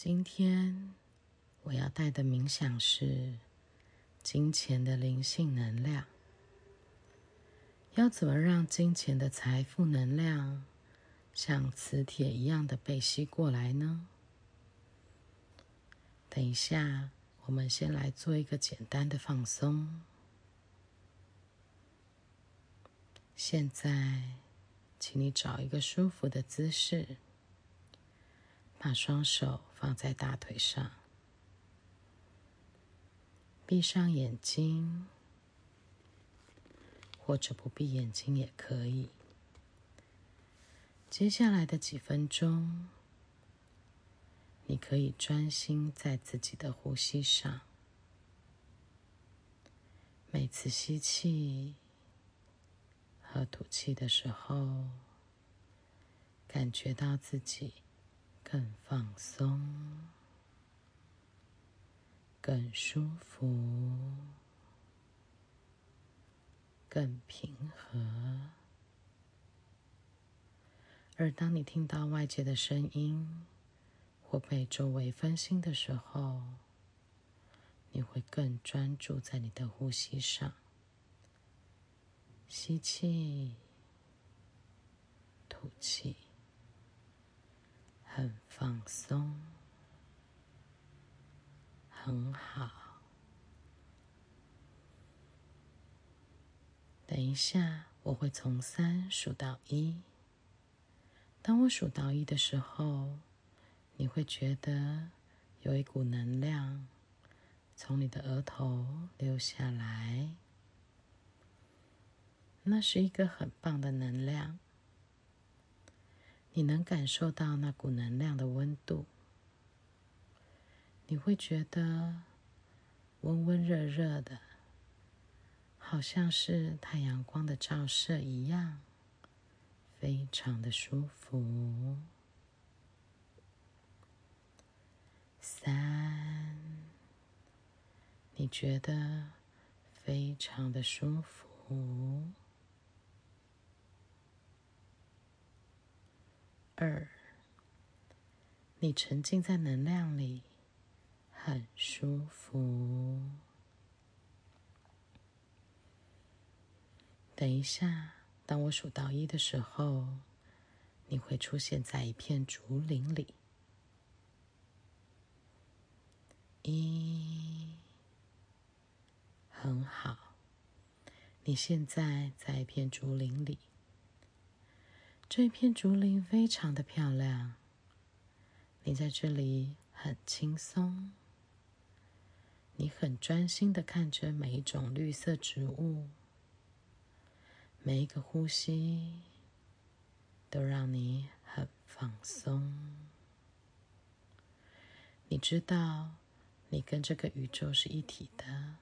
今天我要帶的冥想是金錢的靈性能量。要怎麼讓金錢的財富能量像磁鐵一樣的被吸過來呢？等一下，我們先來做一個簡單的放鬆。現在，請你找一個舒服的姿勢，把雙手。放在大腿上，閉上眼睛，或者不閉眼睛也可以。接下來的幾分鐘，你可以專心在自己的呼吸上，每次吸氣和吐氣的時候，感覺到自己。更放鬆，更舒服，更平和。而當你聽到外界的聲音或被周圍分心的時候，你會更專注在你的呼吸上。吸氣，吐氣。很放鬆，很好。等一下，我會從三數到一。當我數到一的時候，你會覺得有一股能量從你的額頭流下來。那是一個很棒的能量。你能感受到那股能量的溫度，你會覺得溫溫熱熱的，好像是太陽光的照射一樣，非常的舒服。三，你覺得非常的舒服。二，你沉浸在能量裡，很舒服。等一下，當我數到一的時候，你會出現在一片竹林裡。一，很好，你現在在一片竹林裡。這片竹林非常的漂亮，你在這裡很輕鬆，你很專心的看着每一種綠色植物，每一個呼吸都讓你很放鬆。你知道，你跟這個宇宙是一體的，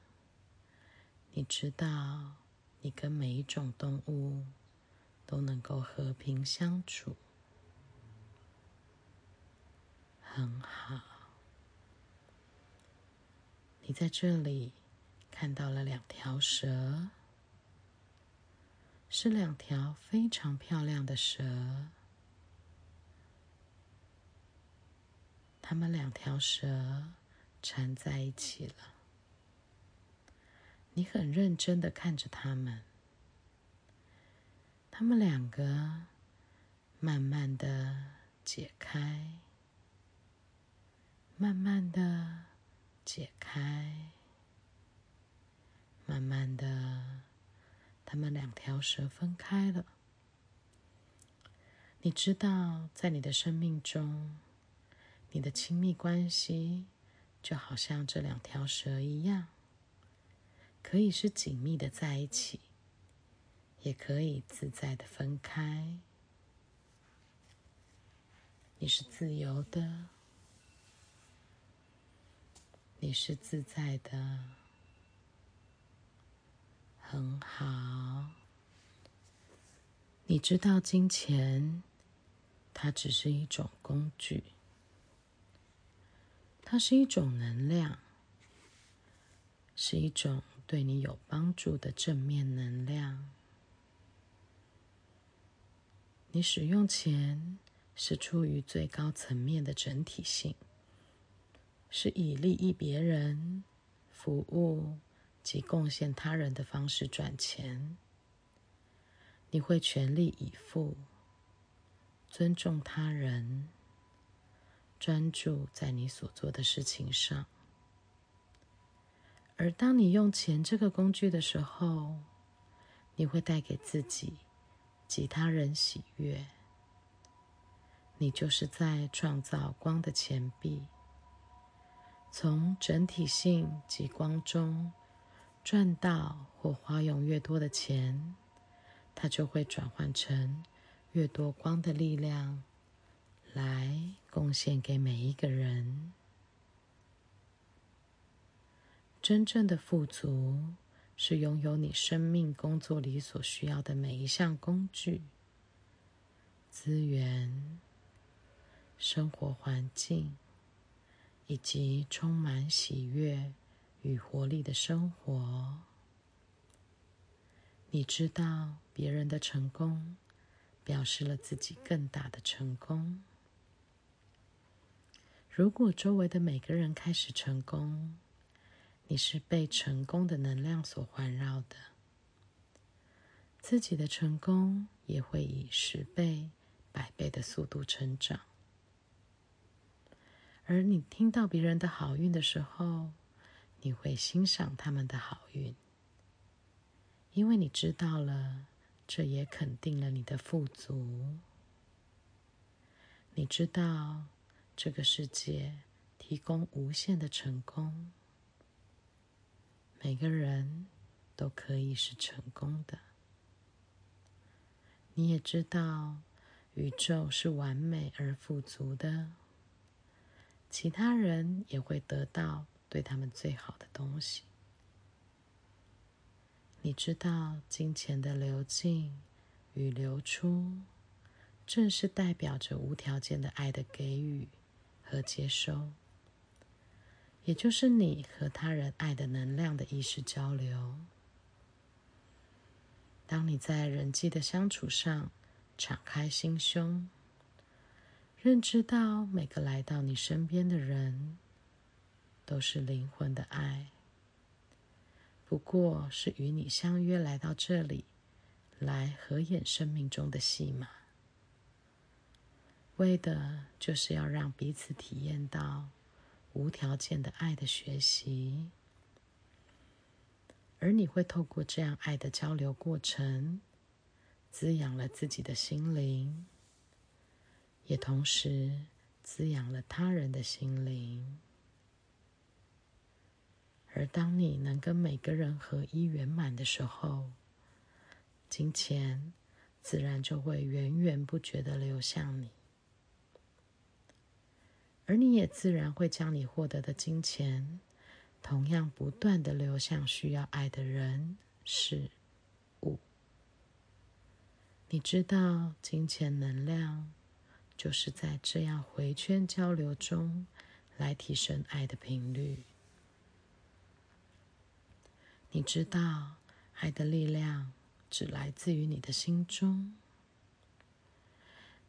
你知道，你跟每一種動物。都能夠和平相處，很好。你在這裡看到了兩條蛇，是兩條非常漂亮的蛇，它們兩條蛇纏在一起了。你很認真的看着它們。他們兩個慢慢的解開，慢慢的解開，慢慢的，他們兩條蛇分開了。你知道，在你的生命中，你的親密關係就好像這兩條蛇一樣，可以是緊密的在一起。也可以自在地分開。你是自由的，你是自在的，很好。你知道，金錢它只是一種工具，它是一種能量，是一種對你有幫助的正面能量。你使用錢是出於最高層面的整體性，是以利益別人、服務及貢獻他人的方式賺錢。你會全力以赴，尊重他人，專注在你所做的事情上。而當你用錢這個工具的時候，你會帶給自己，其他人喜悅，你就是在創造光的錢幣。從整體性及光中賺到或花用越多的錢，它就會轉換成越多光的力量來貢獻給每一個人。真正的富足，是擁有你生命、工作裡所需要的每一項工具、資源、生活環境，以及充滿喜悅與活力的生活。你知道，別人的成功表示了自己更大的成功。如果周圍的每個人開始成功，你是被成功的能量所環繞的，自己的成功也會以十倍、百倍的速度成長。而你聽到別人的好運的時候，你會欣賞他們的好運，因為你知道了，這也肯定了你的富足。你知道這個世界提供無限的成功。每個人都可以是成功的。你也知道，宇宙是完美而富足的，其他人也會得到對他們最好的東西。你知道，金錢的流進與流出，正是代表着無條件的愛的給予和接收。也就是你和他人愛的能量的意識交流。當你在人際的相處上敞開心胸，認知到每個來到你身邊的人都是靈魂的愛，不過是與你相約來到這裡，來合演生命中的戲碼，為的就是要讓彼此體驗到。無條件的愛的學習，而你會透過這樣愛的交流過程，滋養了自己的心靈，也同時滋養了他人的心靈。而當你能跟每個人合一圓滿的時候，金錢自然就會源源不絕的流向你。而你也自然會將你獲得的金錢，同樣不斷地流向需要愛的人、事、物。你知道，金錢能量就是在這樣回圈交流中，來提升愛的頻率。你知道，愛的力量只來自於你的心中。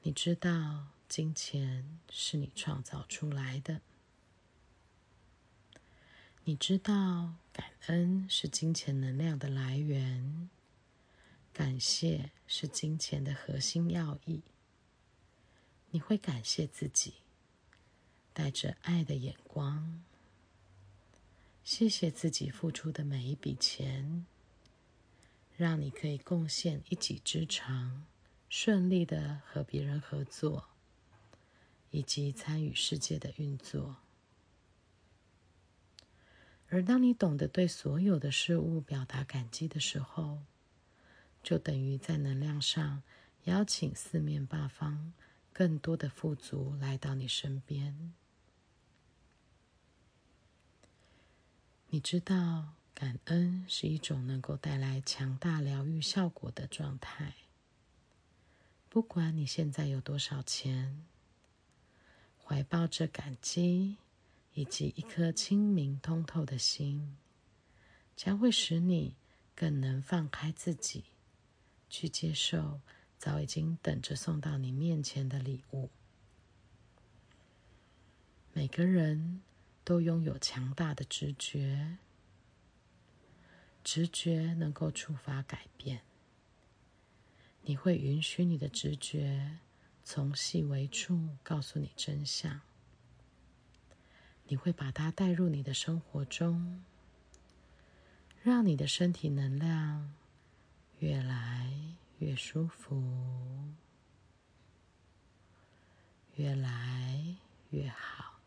你知道。金錢是你創造出來的。你知道，感恩是金錢能量的來源，感謝是金錢的核心要義。你會感謝自己，帶着愛的眼光，謝謝自己付出的每一筆錢，讓你可以貢獻一己之長，順利的和別人合作。以及參與世界的運作。而當你懂得對所有的事物表達感激的時候，就等於在能量上邀請四面八方更多的富足來到你身邊。你知道，感恩是一種能夠帶來強大療癒效果的狀態。不管你現在有多少錢。懷抱着感激，以及一顆清明通透的心，將會使你更能放開自己，去接受早已經等着送到你面前的禮物。每個人都擁有強大的直覺，直覺能夠觸發改變。你會允許你的直覺。從細微處告訴你真相，你會把它帶入你的生活中，讓你的身體能量越來越舒服，越來越好，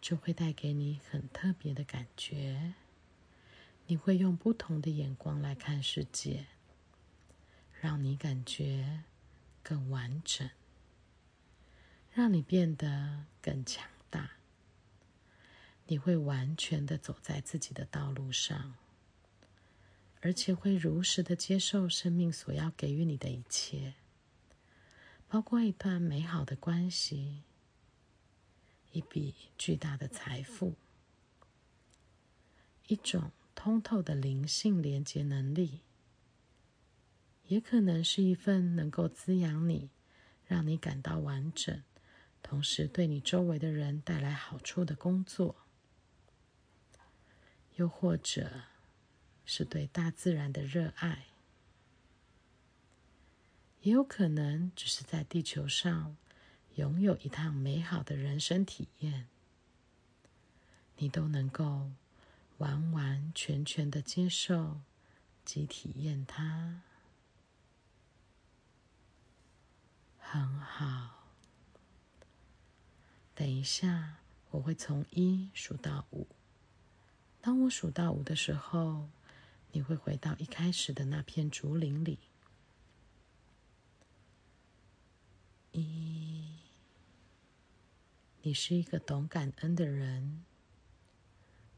就會帶給你很特別的感覺。你會用不同的眼光來看世界。讓你感覺更完整，讓你變得更強大。你會完全的走在自己的道路上，而且會如實的接受生命所要給予你的一切，包括一段美好的關係、一筆巨大的財富、一種通透的靈性連接能力。也可能是一份能夠滋養你、讓你感到完整，同時對你周圍的人帶來好處的工作；又或者是對大自然的熱愛；也有可能只是在地球上擁有一趟美好的人生體驗，你都能夠完完全全的接受及體驗它。很好。等一下，我會從一數到五。當我數到五的時候，你會回到一開始的那片竹林裡。一，你是一個懂感恩的人。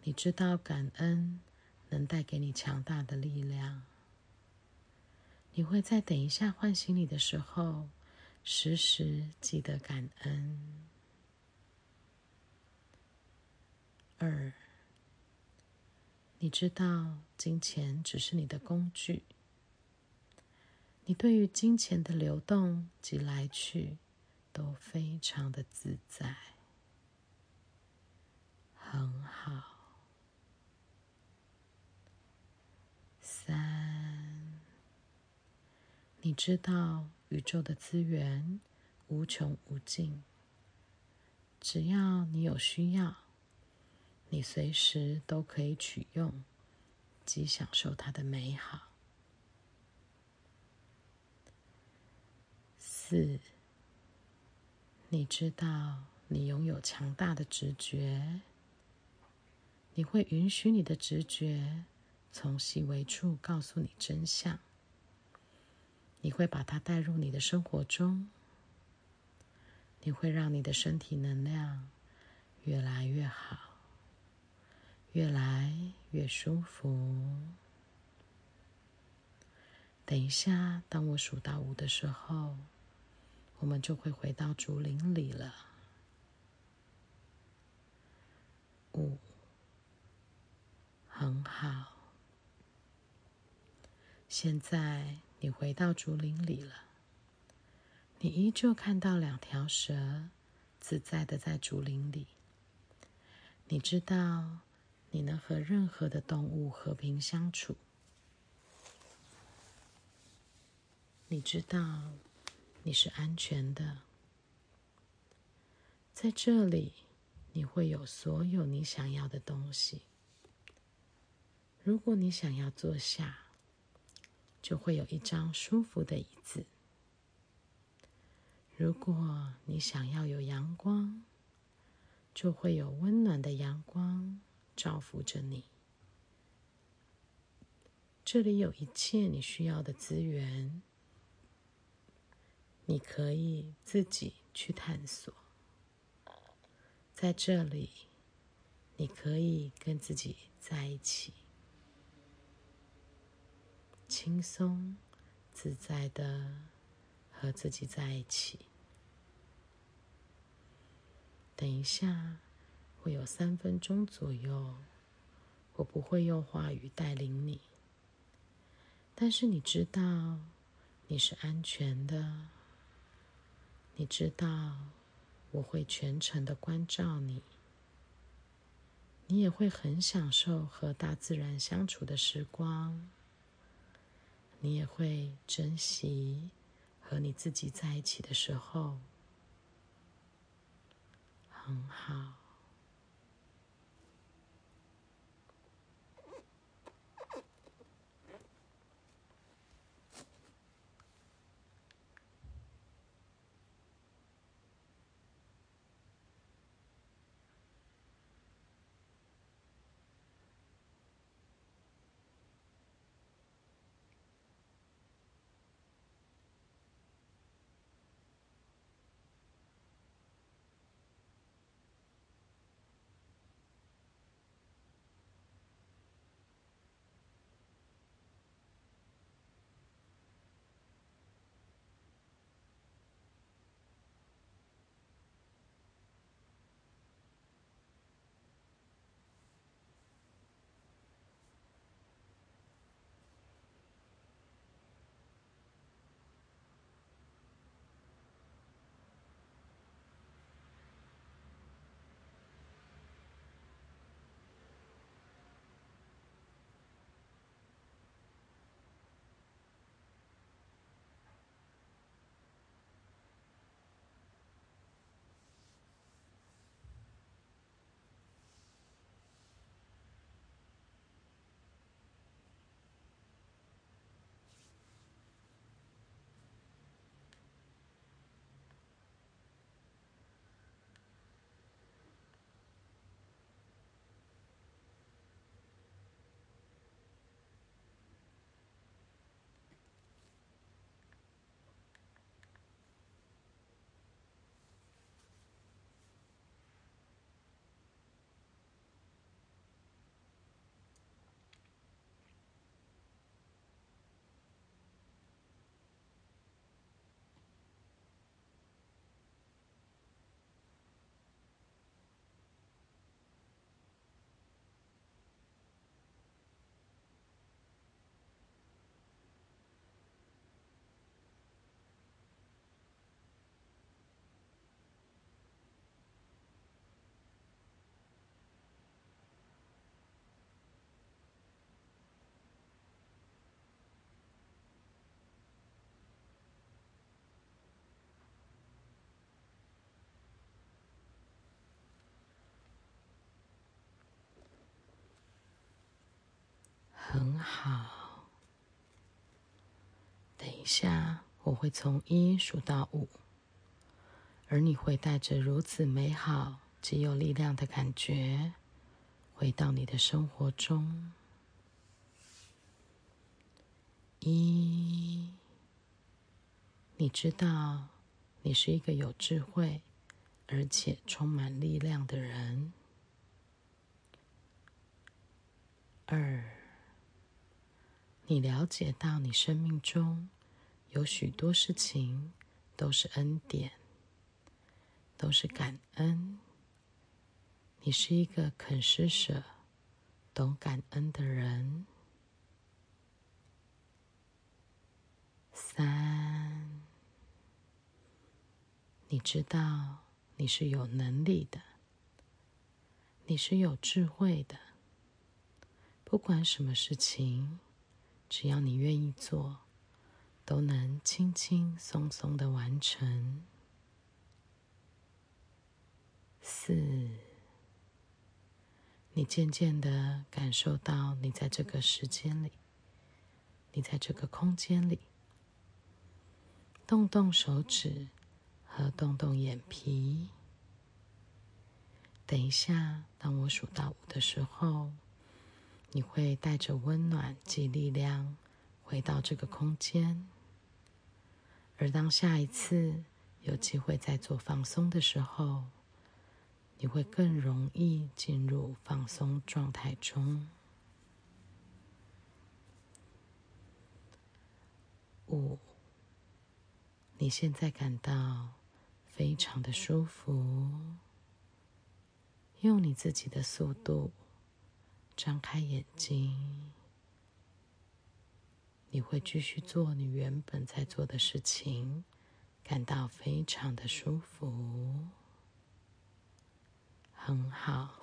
你知道感恩能帶給你強大的力量。你會在等一下喚醒你的時候，時時記得感恩。二，你知道，金錢只是你的工具，你對於金錢的流動及來去都非常的自在，很好。你知道宇宙的資源無窮無盡，只要你有需要，你隨時都可以取用及享受它的美好。四，你知道你擁有強大的直覺，你會允許你的直覺從細微處告訴你真相。你會把它帶入你的生活中，你會讓你的身體能量越來越好，越來越舒服。等一下，當我數到五的時候，我們就會回到竹林裡了。五，很好。現在。你回到竹林裡了，你依舊看到兩條蛇自在的在竹林裡。你知道你能和任何的動物和平相處，你知道你是安全的，在這裡你會有所有你想要的東西。如果你想要坐下，就會有一張舒服的椅子。如果你想要有陽光，就會有溫暖的陽光照拂着你。這裡有一切你需要的資源，你可以自己去探索。在這裡，你可以跟自己在一起。輕鬆、自在的和自己在一起。等一下會有三分鐘左右，我不會用話語帶領你，但是你知道你是安全的，你知道我會全程的關照你，你也會很享受和大自然相處的時光。你也會珍惜和你自己在一起的時候，很好。很好，等一下，我會從一數到五，而你會帶着如此美好、極有力量的感覺回到你的生活中。一，你知道，你是一個有智慧而且充滿力量的人。二。你了解到你生命中有許多事情都是恩典，都是感恩。你是一個肯施捨、懂感恩的人。三，你知道你是有能力的，你是有智慧的，不管什麼事情。只要你願意做，都能輕輕鬆鬆的完成。四，你漸漸的感受到，你在這個時間裡，你在這個空間裡，動動手指和動動眼皮。等一下，當我數到五的時候，你會帶着溫暖及力量回到這個空間，而當下一次有機會再做放鬆的時候，你會更容易進入放鬆狀態中。五，你現在感到非常的舒服，用你自己的速度。張開眼睛，你會繼續做你原本在做的事情，感到非常的舒服，很好。